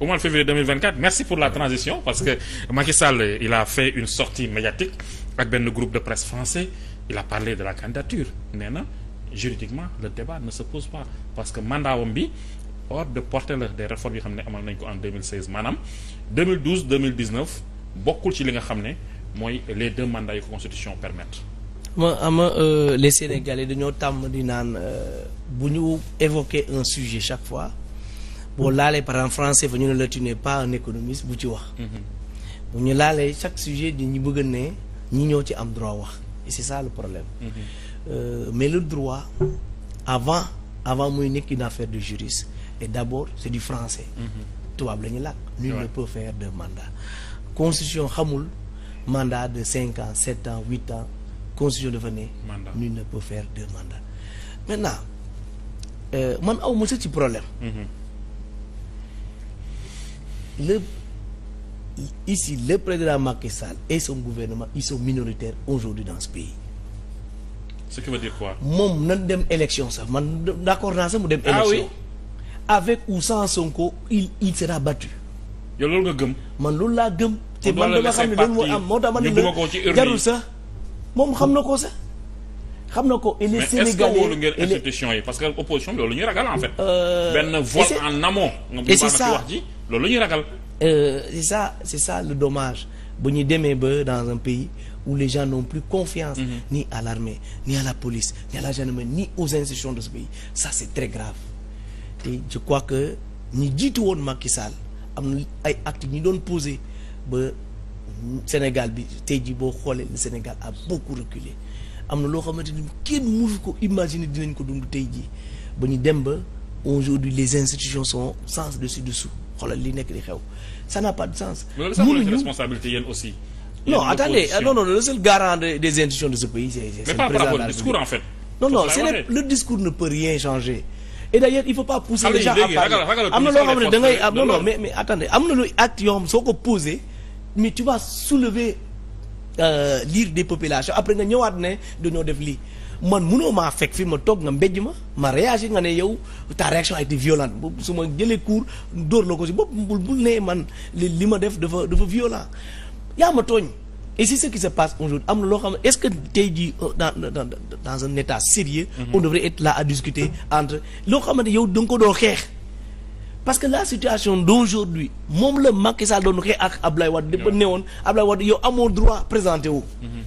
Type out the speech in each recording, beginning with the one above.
au mois de février 2024 merci pour la transition parce que Macky Sall il a fait une sortie médiatique ak benn groupe de presse français il a parlé de la candidature nee na juridiquement le débat ne se pose pas parce que mandaawam bi hors de portée la des réformes yoo xam ne amal nañ ko en 2016 bokkul ci li nga xam ne mooy les deux mandats yu ko constitution permettre ma ama euh, les Sénégalais dañoo tàmm di naan euh, bu ñu évoquer un sujet chaque fois boo laalee par exemple français fa ñu ne la tu n'es pas un économiste bu ci wax mhm. bu ñu laalee chaque sujet di ñu bëgg nee ñi ñoo ci am droit wax et c'est ça le problème mhm. euh, mais le droit avant avant muy nekk une affaire de juriste et d'abord c'est du français mhm. tubaab la ñu làkk nul ne peut faire de mandat constitution xamul mandat de cinq ans sept ans huit ans constitution dafa ne nul ne peut faire de mandat maintenant euh, man aw ma ci problème le ici le président Macky Sall et son gouvernement ils sont minoritaires aujourd'hui dans ce pays. ce qui veut dire moom nan dem élection sax man d'accord naa sax mu dem. élection ah oui. avec ou sans Sonko il il sera battu. yow loolu nga gëm. man loolu laa gëm. te man dama xam ne loolu moo am moo tax man ne jarul sax moom xam na ko sax. xam na ko et les Sénégalais mais est yi parce que opposition bi loolu ñu ragal en fait. Euh, benn vol en amont. et c'est ça ji. loolu la ragal. Euh, c'est ça c'est ça le dommage bu ñu demee ba dans un pays où les gens n'ont plus confiance. Mm -hmm. ni à l'armée ni à la police ni à la gendarmerie ni aux institutions de ce pays ça c'est très grave te je crois que ñi jiitu woon Macky Sall am na ay actes ñi doon posé ba Sénégal bi tey jii boo xoolee le Sénégal a beaucoup reculé am na loo xamante ni kenn mënu ko imaginer dinañ ko dund tey jii ba ñu dem ba aujourd'hui les institutions sont sens dessus dessous. xoolal li nekk di xew ça n'a pas de sens. mënuñu responsabilité yéen non attendez non non le seul garant des institutions de ce pays. c'est le président de discours en fait. non non le discours ne peut rien changer. et d'ailleurs il faut pas pousser les gens à am na loo xam ne da ngay am na lu acte yoo xam soo mais tu vas soulever. dire euh, des population après nga ñëwaat ne dañoo def lii man munoo maa fekk fi ma toog nga mbéj ma ma réagir nga ne yow ta réaction a été violente su ma jëlee cours dóor la ko si bopp bul bul nee man li li ma def dafa dafa violent yaa ma tooñ et c'est ce qui se passe am na loo xam ne est-ce que tey jii euh, dans dans dans un état sérieux mm-hmm. on devrait être là à discuter entre loo xamante yow da nga ko doo xeex parce que la situation d'aujourd'hui moom la Macky saa doon xeex ak Ablaye Wade dafa ne woon Ablaye Wade yow amoo droit présenté wu mm-hmm.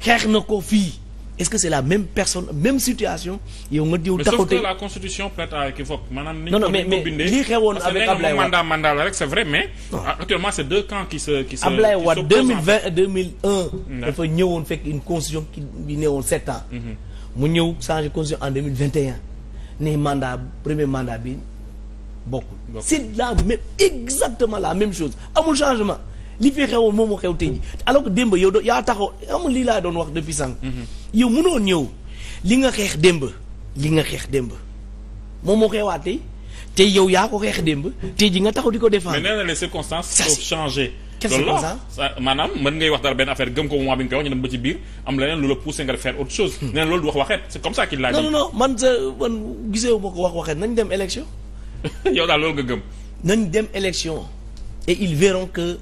xeex na ko fii est-ce que la même personne même situation yow nga diw taxaw tey mais sauf que la constitution prête à équivoque maanaam ni ñu mais actuellement c'est deux camps qui se qui se Ablaye Wade 2020 2001 une constitution qui bi ne woon sept ans mm-hmm. mu ñëw changé constitution en ne mandat premier mandat bi bokkul c'est la même exactement la même chose amul changement li fi xewoon moom moo xew tey ji alors que démb yow doo yaa taxaw amul lii laa doon wax depuis sànq mhm. yow mënoo ñëw li nga xeex démb li nga xeex démb moom moo xewaat tey te yow yaa ko xeex démb tey ji nga taxaw di ko défendre mais nee na les circonstances changer loolu ko moment bi nga koy wax hmm. na loolu du wax waxeet c'est comme ça qu'il l'a dit non non man sa euh, man gisee ma ko wax waxeet nañ dem élection yow daal loolu nga gëm. nañ dem élection et ils verront que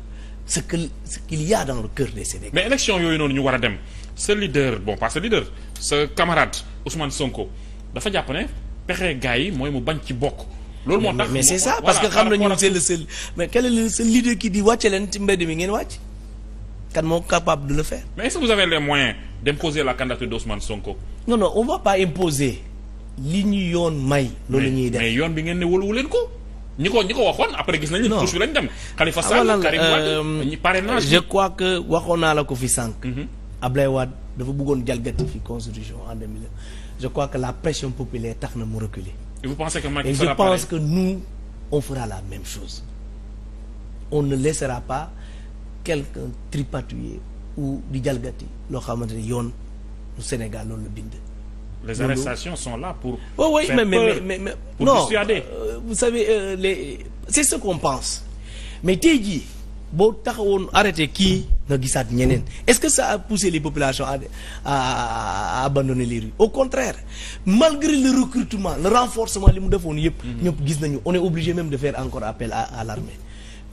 ce que ce qu'il y a dans le cœur des Sénégalais. mais élection yooyu noonu ñu war a dem sa leader bon pas sa leader sa camarade Ousmane Sonko dafa jàpp ne pexe gars yi mooy mu bañ ci bokk. loolu moo tax mais c'est ça parce que xam na ñun c'est le seul mais quel est le seul leader qui dit wàcce leen ci mbedd mi ngeen wàcc. kan moo capable de le faire. mais est-ce que vous avez les moyens d'imposer la candidature d'Ousmane Sonko. non non on va li ñu yoon may. loolu ñuy def mais yoon bi ngeen ne wóoluwu leen ko. ñi ko ñi ko waxoon après gis nañu. non touche bi lañ dem. Ah, Khalifa Sall Karim Wade euh, je crois que waxoon naa la ko fi sànq. Mhm. Ablaye Wade dafa bëggoon jalgati fi constitution en 2000 je crois que la pression populaire tax na mu reculer. et vous pensez que Macky et je pense que nous on fera la même chose. on ne laissera pas quelqu'un tripatouiller ou di jalgati loo xamante ni yoon lu Sénégal loolu la bind. les arrestations sont là pour. Oh oui, faire pour non, euh, vous savez, euh, les... c'est ce qu'on pense. Mais tey jii boo taxawoon arrêté kii nga gisaat ñeneen est-ce que ça a poussé les populations à, à, à abandonner les rues au contraire malgré le recrutement le renforcement li mu defoon yëpp. Mhm. ñëpp gis nañu on est obligé même de faire encore appel à à l'armée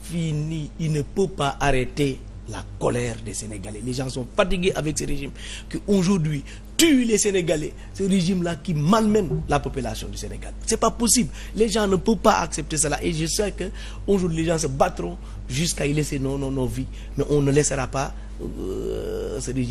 fii nii il ne peut pas arrêter la colère des Sénégalais les gens sont fatigués avec ce régime qui aujourd'hui tue les Sénégalais ce régime-là qui malmène la population du Sénégal c'est pas possible les gens ne peuvent pas accepter cela et je sais que aujourd'hui les gens se battront jusqu'à y laisser nos nos vies mais on ne laissera pas euh, ce régime